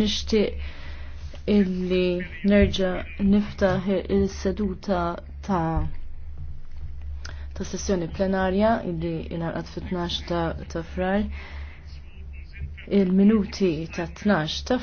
nishtiq illi nerġa niftaħ il-seduta ta' ta' sessjoni plenarja illi inarqat fit-12 ta', frar il-minuti ta' 12 ta'